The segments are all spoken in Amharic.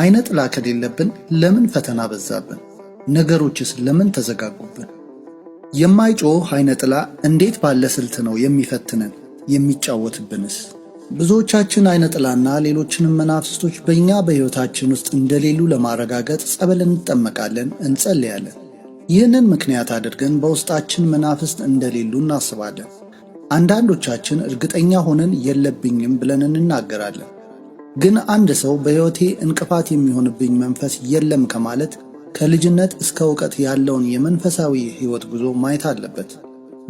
አይነ ጥላ ከሌለብን ለምን ፈተና በዛብን? ነገሮችስ ለምን ተዘጋጉብን? የማይጮህ አይነ ጥላ እንዴት ባለ ስልት ነው የሚፈትነን የሚጫወትብንስ? ብዙዎቻችን አይነ ጥላና ሌሎችንም መናፍስቶች በእኛ በሕይወታችን ውስጥ እንደሌሉ ለማረጋገጥ ጸበል እንጠመቃለን፣ እንጸልያለን። ይህንን ምክንያት አድርገን በውስጣችን መናፍስት እንደሌሉ እናስባለን። አንዳንዶቻችን እርግጠኛ ሆነን የለብኝም ብለን እንናገራለን። ግን አንድ ሰው በሕይወቴ እንቅፋት የሚሆንብኝ መንፈስ የለም ከማለት ከልጅነት እስከ እውቀት ያለውን የመንፈሳዊ ሕይወት ጉዞ ማየት አለበት።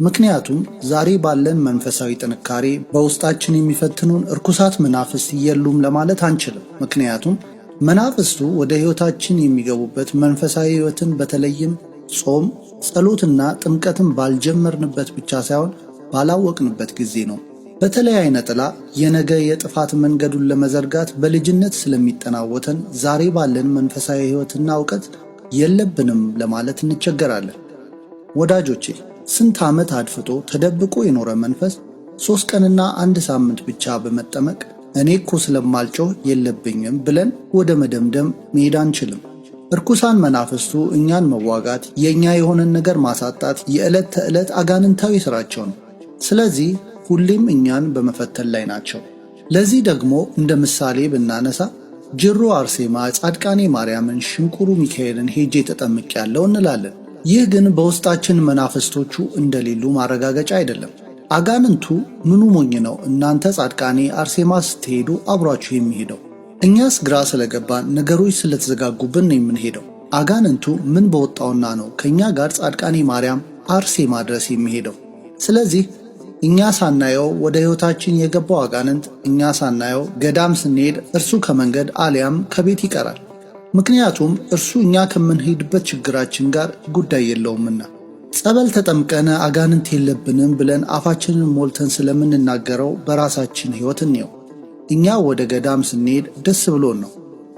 ምክንያቱም ዛሬ ባለን መንፈሳዊ ጥንካሬ በውስጣችን የሚፈትኑን እርኩሳት መናፍስት የሉም ለማለት አንችልም። ምክንያቱም መናፍስቱ ወደ ሕይወታችን የሚገቡበት መንፈሳዊ ሕይወትን በተለይም ጾም፣ ጸሎትና ጥምቀትን ባልጀመርንበት ብቻ ሳይሆን ባላወቅንበት ጊዜ ነው። በተለይ አይነጥላ የነገ የጥፋት መንገዱን ለመዘርጋት በልጅነት ስለሚጠናወተን ዛሬ ባለን መንፈሳዊ ሕይወትና እውቀት የለብንም ለማለት እንቸገራለን። ወዳጆቼ ስንት ዓመት አድፍጦ ተደብቆ የኖረ መንፈስ ሦስት ቀንና አንድ ሳምንት ብቻ በመጠመቅ እኔ እኮ ስለማልጮህ የለብኝም ብለን ወደ መደምደም መሄድ አንችልም። እርኩሳን መናፍስቱ እኛን መዋጋት፣ የእኛ የሆነን ነገር ማሳጣት የዕለት ተዕለት አጋንንታዊ ሥራቸው ነው። ስለዚህ ሁሌም እኛን በመፈተን ላይ ናቸው። ለዚህ ደግሞ እንደ ምሳሌ ብናነሳ ጅሮ አርሴማ፣ ጻድቃኔ ማርያምን፣ ሽንቁሩ ሚካኤልን ሄጄ ተጠምቅ ያለው እንላለን። ይህ ግን በውስጣችን መናፍስቶቹ እንደሌሉ ማረጋገጫ አይደለም። አጋንንቱ ምኑ ሞኝ ነው እናንተ ጻድቃኔ አርሴማ ስትሄዱ አብሯችሁ የሚሄደው? እኛስ ግራ ስለገባን ነገሮች ስለተዘጋጉብን ነው የምንሄደው። አጋንንቱ ምን በወጣውና ነው ከእኛ ጋር ጻድቃኔ ማርያም አርሴማ ድረስ የሚሄደው? ስለዚህ እኛ ሳናየው ወደ ሕይወታችን የገባው አጋንንት እኛ ሳናየው ገዳም ስንሄድ እርሱ ከመንገድ አሊያም ከቤት ይቀራል። ምክንያቱም እርሱ እኛ ከምንሄድበት ችግራችን ጋር ጉዳይ የለውምና። ጸበል ተጠምቀነ አጋንንት የለብንም ብለን አፋችንን ሞልተን ስለምንናገረው በራሳችን ሕይወት እንየው። እኛ ወደ ገዳም ስንሄድ ደስ ብሎን ነው።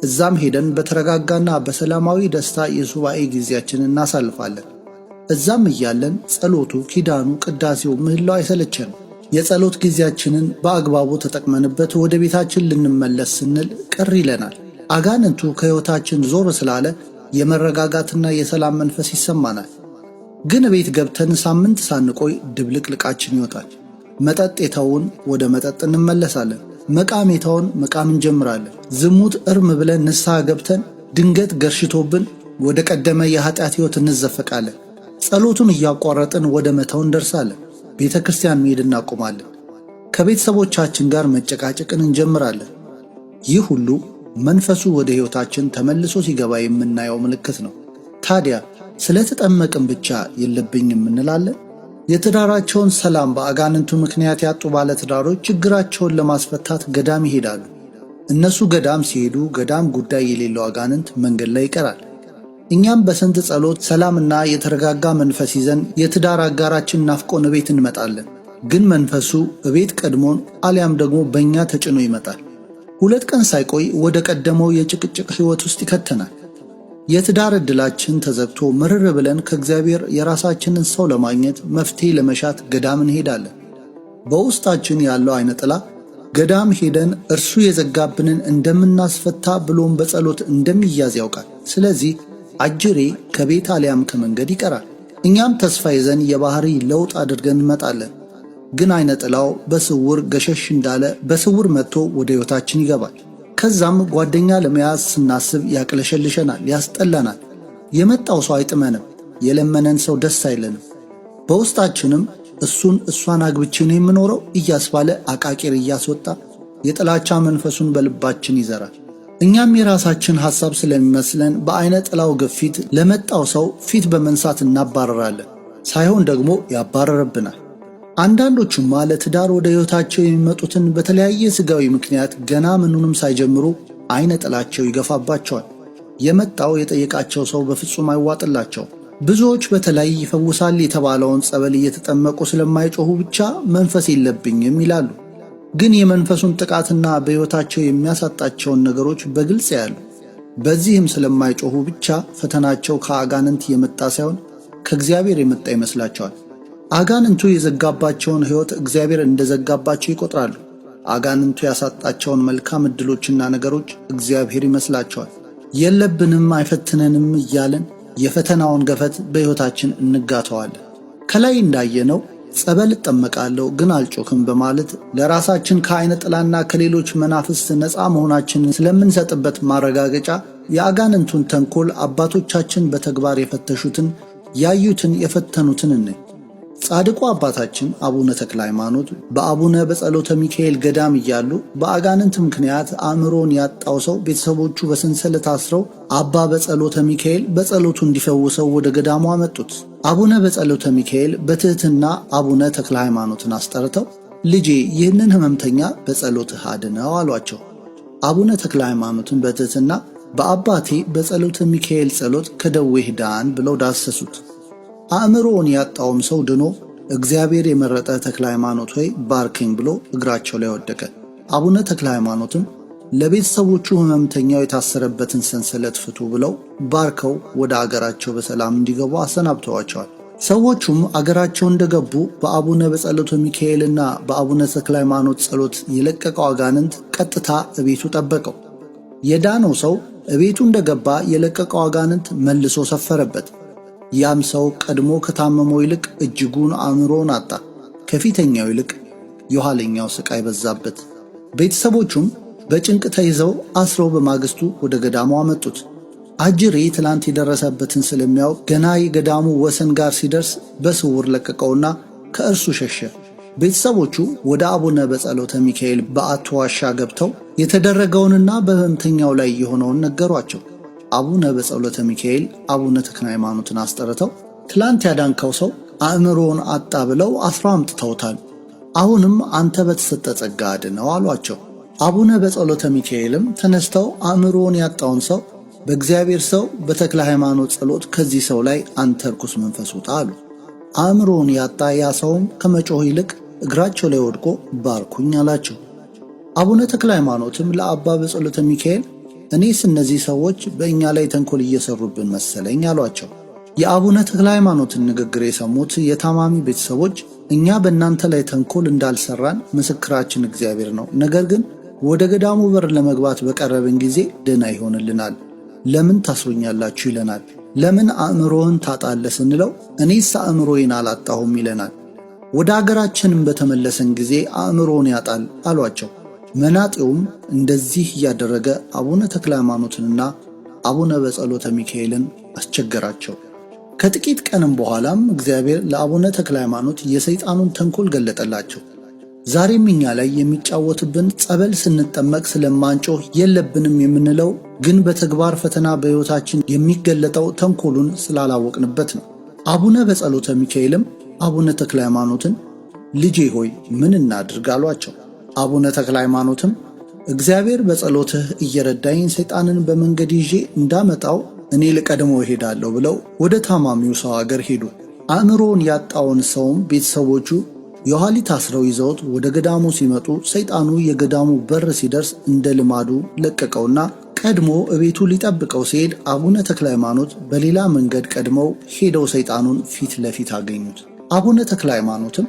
እዛም ሄደን በተረጋጋና በሰላማዊ ደስታ የሱባኤ ጊዜያችን እናሳልፋለን። እዛም እያለን ጸሎቱ፣ ኪዳኑ፣ ቅዳሴው፣ ምህላው አይሰለቸን። የጸሎት ጊዜያችንን በአግባቡ ተጠቅመንበት ወደ ቤታችን ልንመለስ ስንል ቅር ይለናል። አጋንንቱ ከሕይወታችን ዞር ስላለ የመረጋጋትና የሰላም መንፈስ ይሰማናል። ግን ቤት ገብተን ሳምንት ሳንቆይ ድብልቅልቃችን ይወጣል። መጠጥ የተውን ወደ መጠጥ እንመለሳለን። መቃም የተውን መቃም እንጀምራለን። ዝሙት እርም ብለን ንስሐ ገብተን ድንገት ገርሽቶብን ወደ ቀደመ የኃጢአት ሕይወት እንዘፈቃለን። ጸሎቱን እያቋረጥን ወደ መተው እንደርሳለን። ቤተ ክርስቲያን መሄድ እናቆማለን። ከቤተሰቦቻችን ጋር መጨቃጨቅን እንጀምራለን። ይህ ሁሉ መንፈሱ ወደ ሕይወታችን ተመልሶ ሲገባ የምናየው ምልክት ነው። ታዲያ ተጠመቅን ብቻ የለብኝም እንላለን። የትዳራቸውን ሰላም በአጋንንቱ ምክንያት ያጡ ባለትዳሮች ችግራቸውን ለማስፈታት ገዳም ይሄዳሉ። እነሱ ገዳም ሲሄዱ ገዳም ጉዳይ የሌለው አጋንንት መንገድ ላይ ይቀራል። እኛም በስንት ጸሎት ሰላምና የተረጋጋ መንፈስ ይዘን የትዳር አጋራችን ናፍቆን እቤት እንመጣለን። ግን መንፈሱ እቤት ቀድሞን አሊያም ደግሞ በእኛ ተጭኖ ይመጣል። ሁለት ቀን ሳይቆይ ወደ ቀደመው የጭቅጭቅ ሕይወት ውስጥ ይከተናል። የትዳር ዕድላችን ተዘግቶ ምርር ብለን ከእግዚአብሔር የራሳችንን ሰው ለማግኘት መፍትሄ ለመሻት ገዳም እንሄዳለን። በውስጣችን ያለው ዐይነ ጥላ ገዳም ሄደን እርሱ የዘጋብንን እንደምናስፈታ ብሎም በጸሎት እንደሚያዝ ያውቃል። ስለዚህ አጅሬ ከቤት አሊያም ከመንገድ ይቀራል። እኛም ተስፋ ይዘን የባህሪ ለውጥ አድርገን እንመጣለን። ግን አይነጥላው በስውር ገሸሽ እንዳለ በስውር መጥቶ ወደ ሕይወታችን ይገባል። ከዛም ጓደኛ ለመያዝ ስናስብ ያቅለሸልሸናል፣ ያስጠላናል። የመጣው ሰው አይጥመንም፣ የለመነን ሰው ደስ አይለንም። በውስጣችንም እሱን እሷን አግብቼ ነው የምኖረው እያስባለ አቃቂር እያስወጣ የጥላቻ መንፈሱን በልባችን ይዘራል። እኛም የራሳችን ሐሳብ ስለሚመስለን በዐይነ ጥላው ግፊት ለመጣው ሰው ፊት በመንሳት እናባረራለን፣ ሳይሆን ደግሞ ያባረርብናል። አንዳንዶቹማ ለትዳር ወደ ሕይወታቸው የሚመጡትን በተለያየ ሥጋዊ ምክንያት ገና ምኑንም ሳይጀምሩ ዐይነ ጥላቸው ይገፋባቸዋል። የመጣው የጠየቃቸው ሰው በፍጹም አይዋጥላቸው። ብዙዎች በተለይ ይፈውሳል የተባለውን ጸበል እየተጠመቁ ስለማይጮኹ ብቻ መንፈስ የለብኝም ይላሉ። ግን የመንፈሱን ጥቃትና በሕይወታቸው የሚያሳጣቸውን ነገሮች በግልጽ ያሉ፣ በዚህም ስለማይጮኹ ብቻ ፈተናቸው ከአጋንንት የመጣ ሳይሆን ከእግዚአብሔር የመጣ ይመስላቸዋል። አጋንንቱ የዘጋባቸውን ሕይወት እግዚአብሔር እንደዘጋባቸው ይቆጥራሉ። አጋንንቱ ያሳጣቸውን መልካም ዕድሎችና ነገሮች እግዚአብሔር ይመስላቸዋል። የለብንም አይፈትነንም እያለን የፈተናውን ገፈት በሕይወታችን እንጋተዋለን። ከላይ እንዳየነው ጸበል እጠመቃለሁ ግን አልጮክም በማለት ለራሳችን ከአይነ ጥላና ከሌሎች መናፍስት ነፃ መሆናችንን ስለምንሰጥበት ማረጋገጫ የአጋንንቱን ተንኮል አባቶቻችን በተግባር የፈተሹትን ያዩትን የፈተኑትን እነ ጻድቁ አባታችን አቡነ ተክለ ሃይማኖት በአቡነ በጸሎተ ሚካኤል ገዳም እያሉ በአጋንንት ምክንያት አእምሮን ያጣው ሰው ቤተሰቦቹ በሰንሰለት አስረው አባ በጸሎተ ሚካኤል በጸሎቱ እንዲፈውሰው ወደ ገዳሙ አመጡት። አቡነ በጸሎተ ሚካኤል በትሕትና አቡነ ተክለ ሃይማኖትን አስጠርተው ልጄ ይህንን ህመምተኛ በጸሎትህ አድነው አሏቸው። አቡነ ተክለ ሃይማኖትን በትሕትና በአባቴ በጸሎተ ሚካኤል ጸሎት ከደዌህ ዳን ብለው ዳሰሱት። አእምሮውን ያጣውም ሰው ድኖ እግዚአብሔር የመረጠ ተክለ ሃይማኖት ሆይ ባርከኝ ብሎ እግራቸው ላይ ወደቀ። አቡነ ተክለ ሃይማኖትም ለቤተሰቦቹ ህመምተኛው የታሰረበትን ሰንሰለት ፍቱ ብለው ባርከው ወደ አገራቸው በሰላም እንዲገቡ አሰናብተዋቸዋል። ሰዎቹም አገራቸው እንደገቡ በአቡነ በጸሎተ ሚካኤልና በአቡነ ተክለ ሃይማኖት ጸሎት የለቀቀው አጋንንት ቀጥታ እቤቱ ጠበቀው። የዳነው ሰው እቤቱ እንደገባ የለቀቀው አጋንንት መልሶ ሰፈረበት። ያም ሰው ቀድሞ ከታመመው ይልቅ እጅጉን አእምሮውን አጣ። ከፊተኛው ይልቅ የኋለኛው ሥቃይ በዛበት። ቤተሰቦቹም በጭንቅ ተይዘው አስረው በማግስቱ ወደ ገዳሙ አመጡት። አጅሬ ትላንት የደረሰበትን ስለሚያውቅ ገና የገዳሙ ወሰን ጋር ሲደርስ በስውር ለቀቀውና ከእርሱ ሸሸ። ቤተሰቦቹ ወደ አቡነ በጸሎተ ሚካኤል በአቶ ዋሻ ገብተው የተደረገውንና በሕመምተኛው ላይ የሆነውን ነገሯቸው። አቡነ በጸሎተ ሚካኤል አቡነ ተክለ ሃይማኖትን አስጠርተው ትላንት ያዳንከው ሰው አእምሮውን አጣ ብለው አስራ አምጥተውታል። አሁንም አንተ በተሰጠ ጸጋ አድነው አሏቸው። አቡነ በጸሎተ ሚካኤልም ተነስተው አእምሮውን ያጣውን ሰው በእግዚአብሔር ሰው በተክለ ሃይማኖት ጸሎት ከዚህ ሰው ላይ አንተ ርኩስ መንፈስ ውጣ አሉ። አእምሮውን ያጣ ያ ሰውም ከመጮህ ይልቅ እግራቸው ላይ ወድቆ ባርኩኝ አላቸው። አቡነ ተክለ ሃይማኖትም ለአባ በጸሎተ ሚካኤል እኔስ እነዚህ ሰዎች በእኛ ላይ ተንኮል እየሰሩብን መሰለኝ አሏቸው። የአቡነ ተክለ ሃይማኖትን ንግግር የሰሙት የታማሚ ቤተሰቦች እኛ በእናንተ ላይ ተንኮል እንዳልሰራን ምስክራችን እግዚአብሔር ነው፣ ነገር ግን ወደ ገዳሙ በር ለመግባት በቀረብን ጊዜ ደና ይሆንልናል። ለምን ታስሩኛላችሁ? ይለናል። ለምን አእምሮህን ታጣለ ስንለው እኔስ አእምሮዬን አላጣሁም ይለናል። ወደ አገራችንም በተመለሰን ጊዜ አእምሮውን ያጣል አሏቸው። መናጤውም እንደዚህ እያደረገ አቡነ ተክለ ሃይማኖትንና አቡነ በጸሎተ ሚካኤልን አስቸገራቸው። ከጥቂት ቀንም በኋላም እግዚአብሔር ለአቡነ ተክለ ሃይማኖት የሰይጣኑን ተንኮል ገለጠላቸው። ዛሬም እኛ ላይ የሚጫወትብን ጸበል ስንጠመቅ ስለማንጮህ የለብንም የምንለው ግን በተግባር ፈተና በሕይወታችን የሚገለጠው ተንኮሉን ስላላወቅንበት ነው። አቡነ በጸሎተ ሚካኤልም አቡነ ተክለ ሃይማኖትን ልጄ ሆይ ምን እናድርግ አሏቸው። አቡነ ተክለ ሃይማኖትም እግዚአብሔር በጸሎትህ እየረዳኝ ሰይጣንን በመንገድ ይዤ እንዳመጣው እኔ ልቀድሞ እሄዳለሁ ብለው ወደ ታማሚው ሰው አገር ሄዱ። አእምሮውን ያጣውን ሰውም ቤተሰቦቹ የኋሊት አስረው ይዘውት ወደ ገዳሙ ሲመጡ ሰይጣኑ የገዳሙ በር ሲደርስ እንደ ልማዱ ለቀቀውና ቀድሞ እቤቱ ሊጠብቀው ሲሄድ አቡነ ተክለ ሃይማኖት በሌላ መንገድ ቀድመው ሄደው ሰይጣኑን ፊት ለፊት አገኙት። አቡነ ተክለ ሃይማኖትም